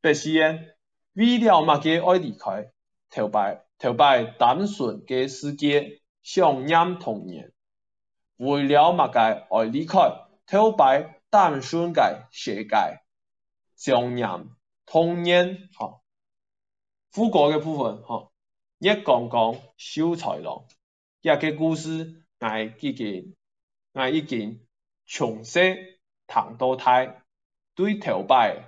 白事嘅為了麼個愛離開，頭擺頭擺單純嘅世界，想念童年。為了麼個愛離開，頭擺單純嘅世界，想念童年。吓，副歌嘅部分吓，一講講秀才郎，這個故事，我見我已經從細聽到大對頭擺。